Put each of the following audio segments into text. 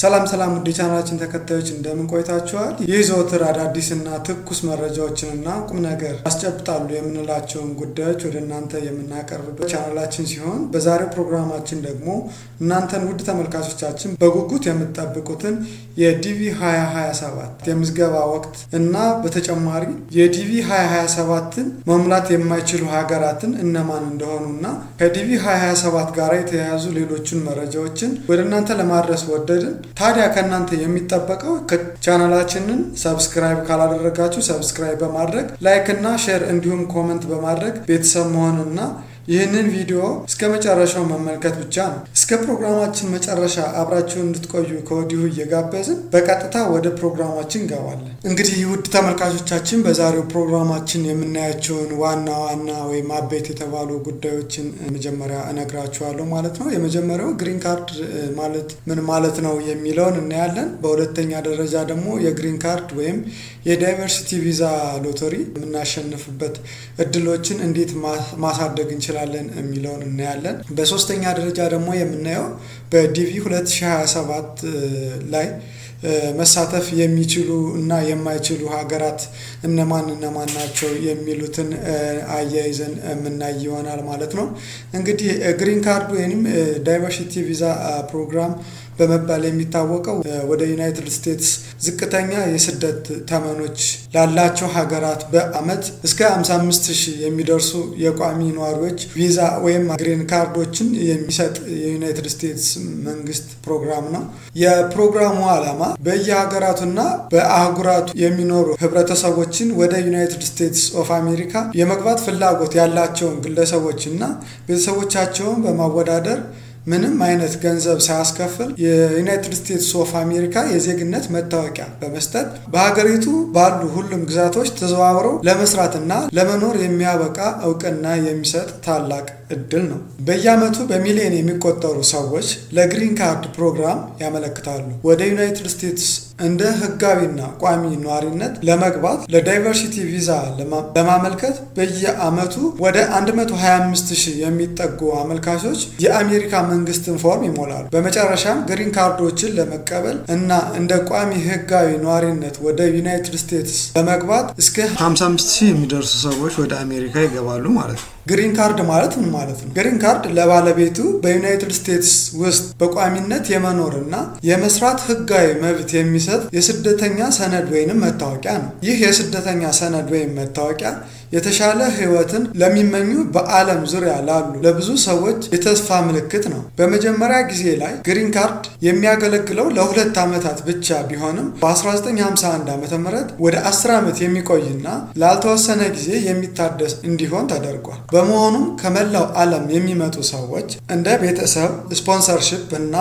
ሰላም ሰላም ውድ ቻናላችን ተከታዮች እንደምን ቆይታችኋል? ይህ ዘወትር አዳዲስና ትኩስ መረጃዎችንና ቁም ነገር ያስጨብጣሉ የምንላቸውን ጉዳዮች ወደ እናንተ የምናቀርብበት ቻናላችን ሲሆን በዛሬው ፕሮግራማችን ደግሞ እናንተን ውድ ተመልካቾቻችን በጉጉት የምትጠብቁትን የዲቪ 2027 የምዝገባ ወቅት እና በተጨማሪ የዲቪ 2027ን መሙላት የማይችሉ ሀገራትን እነማን እንደሆኑ እና ከዲቪ 2027 ጋር የተያያዙ ሌሎችን መረጃዎችን ወደ እናንተ ለማድረስ ወደድን። ታዲያ ከእናንተ የሚጠበቀው ቻናላችንን ሰብስክራይብ ካላደረጋችሁ ሰብስክራይብ በማድረግ ላይክ እና ሼር እንዲሁም ኮመንት በማድረግ ቤተሰብ መሆንና ይህንን ቪዲዮ እስከ መጨረሻው መመልከት ብቻ ነው። እስከ ፕሮግራማችን መጨረሻ አብራችሁ እንድትቆዩ ከወዲሁ እየጋበዝን በቀጥታ ወደ ፕሮግራማችን እንገባለን። እንግዲህ ውድ ተመልካቾቻችን በዛሬው ፕሮግራማችን የምናያቸውን ዋና ዋና ወይም አበይት የተባሉ ጉዳዮችን መጀመሪያ እነግራችኋለሁ ማለት ነው። የመጀመሪያው ግሪን ካርድ ማለት ምን ማለት ነው የሚለውን እናያለን። በሁለተኛ ደረጃ ደግሞ የግሪን ካርድ ወይም የዳይቨርሲቲ ቪዛ ሎተሪ የምናሸንፍበት እድሎችን እንዴት ማሳደግ እንችላለን እንችላለን የሚለውን እናያለን። በሶስተኛ ደረጃ ደግሞ የምናየው በዲቪ 2027 ላይ መሳተፍ የሚችሉ እና የማይችሉ ሀገራት እነማን እነማን ናቸው የሚሉትን አያይዘን የምናይ ይሆናል ማለት ነው። እንግዲህ ግሪን ካርድ ወይም ዳይቨርሲቲ ቪዛ ፕሮግራም በመባል የሚታወቀው ወደ ዩናይትድ ስቴትስ ዝቅተኛ የስደት ተመኖች ላላቸው ሀገራት በአመት እስከ 55 ሺህ የሚደርሱ የቋሚ ነዋሪዎች ቪዛ ወይም ግሪን ካርዶችን የሚሰጥ የዩናይትድ ስቴትስ መንግስት ፕሮግራም ነው። የፕሮግራሙ ዓላማ በየሀገራቱና በአህጉራቱ የሚኖሩ ህብረተሰቦችን ወደ ዩናይትድ ስቴትስ ኦፍ አሜሪካ የመግባት ፍላጎት ያላቸውን ግለሰቦችና ቤተሰቦቻቸውን በማወዳደር ምንም አይነት ገንዘብ ሳያስከፍል የዩናይትድ ስቴትስ ኦፍ አሜሪካ የዜግነት መታወቂያ በመስጠት በሀገሪቱ ባሉ ሁሉም ግዛቶች ተዘዋውረው ለመስራትና ለመኖር የሚያበቃ እውቅና የሚሰጥ ታላቅ እድል ነው። በየዓመቱ በሚሊዮን የሚቆጠሩ ሰዎች ለግሪን ካርድ ፕሮግራም ያመለክታሉ። ወደ ዩናይትድ ስቴትስ እንደ ህጋዊና ቋሚ ነዋሪነት ለመግባት ለዳይቨርሲቲ ቪዛ ለማመልከት በየአመቱ ወደ 125000 የሚጠጉ አመልካቾች የአሜሪካ መንግስትን ፎርም ይሞላሉ። በመጨረሻም ግሪን ካርዶችን ለመቀበል እና እንደ ቋሚ ህጋዊ ነዋሪነት ወደ ዩናይትድ ስቴትስ ለመግባት እስከ 55000 የሚደርሱ ሰዎች ወደ አሜሪካ ይገባሉ ማለት ነው። ግሪን ካርድ ማለት ምን ማለት ነው? ግሪን ካርድ ለባለቤቱ በዩናይትድ ስቴትስ ውስጥ በቋሚነት የመኖርና የመስራት ህጋዊ መብት የሚሰጥ የስደተኛ ሰነድ ወይንም መታወቂያ ነው። ይህ የስደተኛ ሰነድ ወይም መታወቂያ የተሻለ ህይወትን ለሚመኙ በዓለም ዙሪያ ላሉ ለብዙ ሰዎች የተስፋ ምልክት ነው። በመጀመሪያ ጊዜ ላይ ግሪን ካርድ የሚያገለግለው ለሁለት ዓመታት ብቻ ቢሆንም በ1951 ዓ ም ወደ 10 ዓመት የሚቆይና ላልተወሰነ ጊዜ የሚታደስ እንዲሆን ተደርጓል። በመሆኑም ከመላው ዓለም የሚመጡ ሰዎች እንደ ቤተሰብ ስፖንሰርሽፕ እና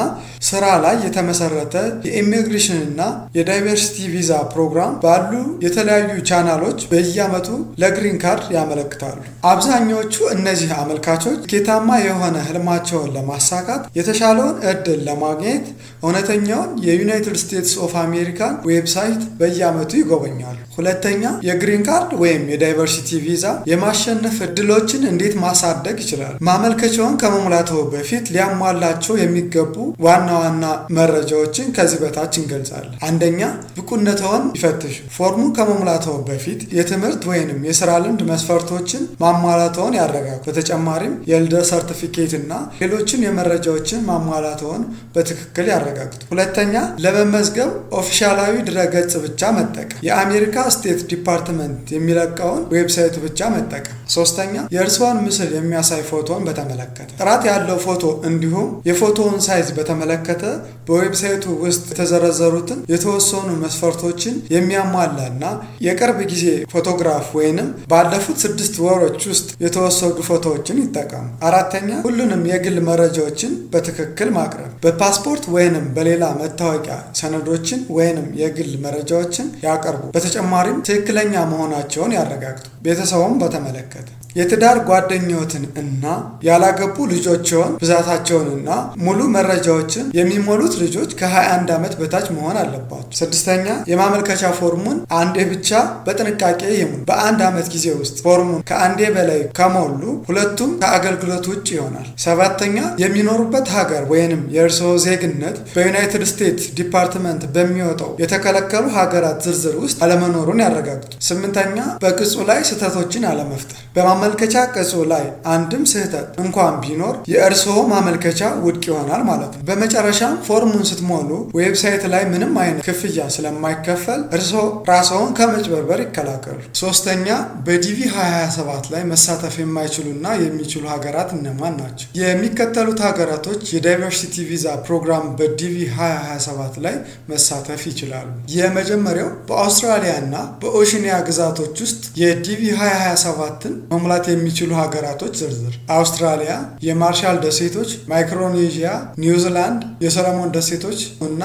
ስራ ላይ የተመሰረተ የኢሚግሬሽንና የዳይቨርሲቲ ቪዛ ፕሮግራም ባሉ የተለያዩ ቻናሎች በየዓመቱ ለግሪን ካርድ ያመለክታሉ። አብዛኞቹ እነዚህ አመልካቾች ስኬታማ የሆነ ህልማቸውን ለማሳካት የተሻለውን እድል ለማግኘት እውነተኛውን የዩናይትድ ስቴትስ ኦፍ አሜሪካን ዌብሳይት በየዓመቱ ይጎበኛሉ። ሁለተኛ የግሪን ካርድ ወይም የዳይቨርሲቲ ቪዛ የማሸነፍ እድሎችን እንዴት ማሳደግ ይችላል? ማመልከቻውን ከመሙላትዎ በፊት ሊያሟላቸው የሚገቡ ዋና ዋና መረጃዎችን ከዚህ በታች እንገልጻለን። አንደኛ ብቁነትዎን ይፈትሹ። ፎርሙ ከመሙላትዎ በፊት የትምህርት ወይንም የስራ ልምድ መስፈርቶችን ማሟላትዎን ያረጋግጡ። በተጨማሪም የልደ ሰርቲፊኬት እና ሌሎችን የመረጃዎችን ማሟላትዎን በትክክል ያረጋግጡ። ሁለተኛ ለመመዝገብ ኦፊሻላዊ ድረገጽ ብቻ መጠቀም የአሜሪካ ስቴት ዲፓርትመንት የሚለቀውን ዌብሳይቱ ብቻ መጠቀም። ሶስተኛ የእርስዎን ምስል የሚያሳይ ፎቶን በተመለከተ ጥራት ያለው ፎቶ እንዲሁም የፎቶውን ሳይዝ በተመለከተ በዌብሳይቱ ውስጥ የተዘረዘሩትን የተወሰኑ መስፈርቶችን የሚያሟላ እና የቅርብ ጊዜ ፎቶግራፍ ወይንም ባለፉት ስድስት ወሮች ውስጥ የተወሰዱ ፎቶዎችን ይጠቀሙ። አራተኛ ሁሉንም የግል መረጃዎችን በትክክል ማቅረብ። በፓስፖርት ወይንም በሌላ መታወቂያ ሰነዶችን ወይንም የግል መረጃዎችን ያቀርቡ። በተጨማ በተጨማሪም ትክክለኛ መሆናቸውን ያረጋግጡ። ቤተሰቡም በተመለከተ የትዳር ጓደኞትን እና ያላገቡ ልጆችዎን ብዛታቸውንና ሙሉ መረጃዎችን የሚሞሉት ልጆች ከ21 ዓመት በታች መሆን አለባቸው። ስድስተኛ የማመልከቻ ፎርሙን አንዴ ብቻ በጥንቃቄ ይሙሉ። በአንድ ዓመት ጊዜ ውስጥ ፎርሙን ከአንዴ በላይ ከሞሉ ሁለቱም ከአገልግሎት ውጭ ይሆናል። ሰባተኛ የሚኖሩበት ሀገር ወይንም የእርስዎ ዜግነት በዩናይትድ ስቴትስ ዲፓርትመንት በሚወጣው የተከለከሉ ሀገራት ዝርዝር ውስጥ አለመኖ መኖሩን ያረጋግጡ። ስምንተኛ በቅጹ ላይ ስህተቶችን አለመፍጠር። በማመልከቻ ቅጹ ላይ አንድም ስህተት እንኳን ቢኖር የእርስዎ ማመልከቻ ውድቅ ይሆናል ማለት ነው። በመጨረሻም ፎርሙን ስትሞሉ ዌብሳይት ላይ ምንም አይነት ክፍያ ስለማይከፈል እርስዎ ራስዎን ከመጭበርበር ይከላከሉ። ሶስተኛ በዲቪ 27 ላይ መሳተፍ የማይችሉና የሚችሉ ሀገራት እነማን ናቸው? የሚከተሉት ሀገራቶች የዳይቨርሲቲ ቪዛ ፕሮግራም በዲቪ 27 ላይ መሳተፍ ይችላሉ። የመጀመሪያው በአውስትራሊያ እና በኦሽኒያ ግዛቶች ውስጥ የዲቪ 2027ን መሙላት የሚችሉ ሀገራቶች ዝርዝር አውስትራሊያ፣ የማርሻል ደሴቶች፣ ማይክሮኔዥያ፣ ኒውዚላንድ፣ የሰለሞን ደሴቶች እና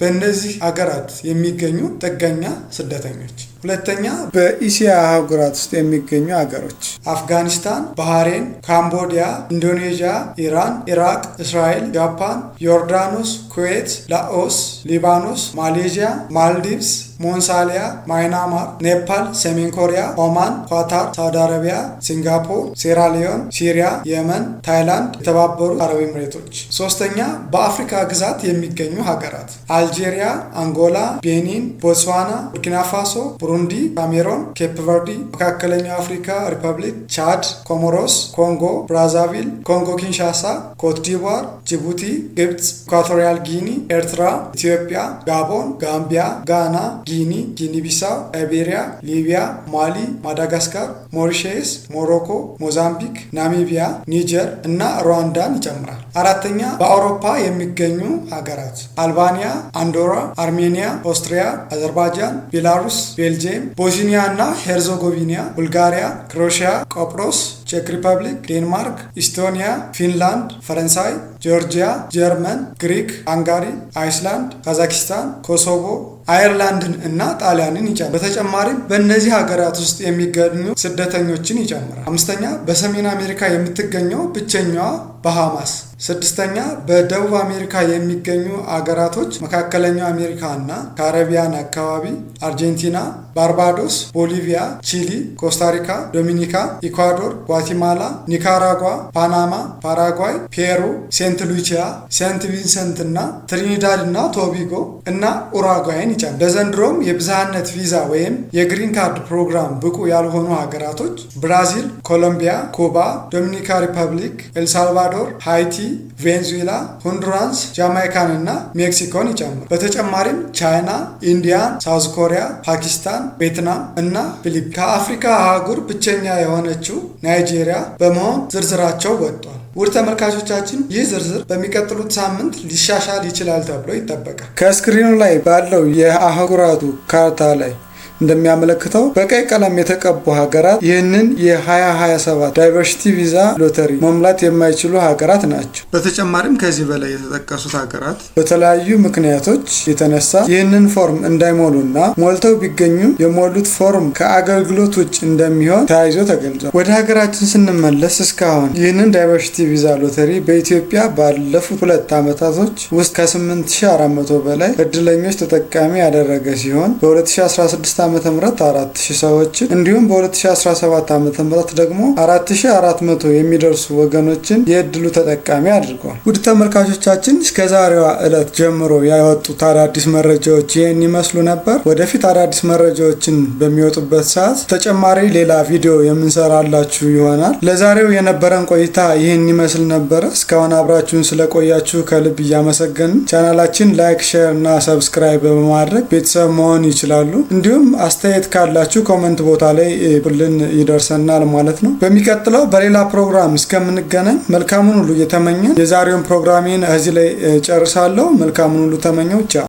በእነዚህ ሀገራት የሚገኙ ጥገኛ ስደተኞች። ሁለተኛ በኢሲያ አህጉራት ውስጥ የሚገኙ ሀገሮች አፍጋኒስታን፣ ባህሬን፣ ካምቦዲያ፣ ኢንዶኔዥያ፣ ኢራን፣ ኢራቅ፣ እስራኤል፣ ጃፓን፣ ዮርዳኖስ፣ ኩዌት፣ ላኦስ፣ ሊባኖስ፣ ማሌዥያ፣ ማልዲቭስ፣ ሞንሳሊያ፣ ማይናማር፣ ኔፓል፣ ሰሜን ኮሪያ፣ ኦማን፣ ኳታር፣ ሳውዲ አረቢያ፣ ሲንጋፖር፣ ሴራሊዮን፣ ሲሪያ፣ የመን፣ ታይላንድ፣ የተባበሩት አረብ ኤምሬቶች። ሶስተኛ በአፍሪካ ግዛት የሚገኙ ሀገራት አልጄሪያ፣ አንጎላ፣ ቤኒን፣ ቦትስዋና፣ ቡርኪና ፋሶ፣ ቡሩንዲ፣ ካሜሮን፣ ኬፕ ቨርዲ፣ መካከለኛው አፍሪካ ሪፐብሊክ፣ ቻድ፣ ኮሞሮስ፣ ኮንጎ ብራዛቪል፣ ኮንጎ ኪንሻሳ፣ ኮትዲቯር፣ ጅቡቲ፣ ግብፅ፣ ኢኳቶሪያል ጊኒ፣ ኤርትራ፣ ኢትዮጵያ፣ ጋቦን፣ ጋምቢያ፣ ጋና ጊኒ፣ ጊኒቢሳ፣ ላይቤሪያ፣ ሊቢያ፣ ማሊ፣ ማዳጋስካር፣ ሞሪሼስ፣ ሞሮኮ፣ ሞዛምቢክ፣ ናሚቢያ፣ ኒጀር እና ሩዋንዳን ይጨምራል። አራተኛ በአውሮፓ የሚገኙ ሀገራት አልባኒያ፣ አንዶራ፣ አርሜኒያ፣ ኦስትሪያ፣ አዘርባይጃን፣ ቤላሩስ፣ ቤልጅየም፣ ቦስኒያ እና ሄርዞጎቪኒያ፣ ቡልጋሪያ፣ ክሮሽያ፣ ቆጵሮስ፣ ቼክ ሪፐብሊክ፣ ዴንማርክ፣ ኢስቶኒያ፣ ፊንላንድ፣ ፈረንሳይ፣ ጆርጂያ፣ ጀርመን፣ ግሪክ፣ ሃንጋሪ፣ አይስላንድ፣ ካዛኪስታን፣ ኮሶቮ አየርላንድን እና ጣሊያንን ይጨምራል። በተጨማሪም በእነዚህ ሀገራት ውስጥ የሚገኙ ስደተኞችን ይጨምራል። አምስተኛ በሰሜን አሜሪካ የምትገኘው ብቸኛዋ ባሃማስ። ስድስተኛ በደቡብ አሜሪካ የሚገኙ አገራቶች መካከለኛው አሜሪካ እና ካረቢያን አካባቢ አርጀንቲና፣ ባርባዶስ፣ ቦሊቪያ፣ ቺሊ፣ ኮስታሪካ፣ ዶሚኒካ፣ ኢኳዶር፣ ጓቲማላ፣ ኒካራጓ፣ ፓናማ፣ ፓራጓይ፣ ፔሩ፣ ሴንት ሉቺያ፣ ሴንት ቪንሰንት እና ትሪኒዳድ እና ቶቢጎ እና ኡራጓይን ይጫል። ለዘንድሮም የብዝሃነት ቪዛ ወይም የግሪን ካርድ ፕሮግራም ብቁ ያልሆኑ ሀገራቶች ብራዚል፣ ኮሎምቢያ፣ ኩባ፣ ዶሚኒካ ሪፐብሊክ፣ ኤልሳልቫ ኤልሳልቫዶር፣ ሃይቲ፣ ቬንዙዌላ፣ ሆንዱራንስ፣ ጃማይካን እና ሜክሲኮን ይጨምራል። በተጨማሪም ቻይና፣ ኢንዲያን፣ ሳውዝ ኮሪያ፣ ፓኪስታን፣ ቬትናም እና ፊሊፒን ከአፍሪካ አህጉር ብቸኛ የሆነችው ናይጄሪያ በመሆን ዝርዝራቸው ወጥቷል። ውድ ተመልካቾቻችን ይህ ዝርዝር በሚቀጥሉት ሳምንት ሊሻሻል ይችላል ተብሎ ይጠበቃል። ከስክሪኑ ላይ ባለው የአህጉራቱ ካርታ ላይ እንደሚያመለክተው በቀይ ቀለም የተቀቡ ሀገራት ይህንን የ2027 ዳይቨርሲቲ ቪዛ ሎተሪ መሙላት የማይችሉ ሀገራት ናቸው። በተጨማሪም ከዚህ በላይ የተጠቀሱት ሀገራት በተለያዩ ምክንያቶች የተነሳ ይህንን ፎርም እንዳይሞሉና ሞልተው ቢገኙም የሞሉት ፎርም ከአገልግሎት ውጭ እንደሚሆን ተያይዞ ተገልጿል። ወደ ሀገራችን ስንመለስ እስካሁን ይህንን ዳይቨርሲቲ ቪዛ ሎተሪ በኢትዮጵያ ባለፉት ሁለት ዓመታቶች ውስጥ ከ8400 በላይ እድለኞች ተጠቃሚ ያደረገ ሲሆን በ2016 ዓ ም 4000 ሰዎችን እንዲሁም በ2017 ዓ ም ደግሞ 4400 የሚደርሱ ወገኖችን የእድሉ ተጠቃሚ አድርጓል። ውድ ተመልካቾቻችን እስከ ዛሬዋ ዕለት ጀምሮ ያወጡት አዳዲስ መረጃዎች ይህን ይመስሉ ነበር። ወደፊት አዳዲስ መረጃዎችን በሚወጡበት ሰዓት ተጨማሪ ሌላ ቪዲዮ የምንሰራላችሁ ይሆናል። ለዛሬው የነበረን ቆይታ ይህን ይመስል ነበረ። እስካሁን አብራችሁን ስለቆያችሁ ከልብ እያመሰገንን ቻናላችን ላይክ፣ ሼር እና ሰብስክራይብ በማድረግ ቤተሰብ መሆን ይችላሉ። እንዲሁም አስተያየት ካላችሁ ኮመንት ቦታ ላይ ብልን ይደርሰናል ማለት ነው። በሚቀጥለው በሌላ ፕሮግራም እስከምንገናኝ መልካሙን ሁሉ እየተመኘን የዛሬውን ፕሮግራሜን እዚህ ላይ ጨርሳለሁ። መልካሙን ሁሉ ተመኘው። ቻው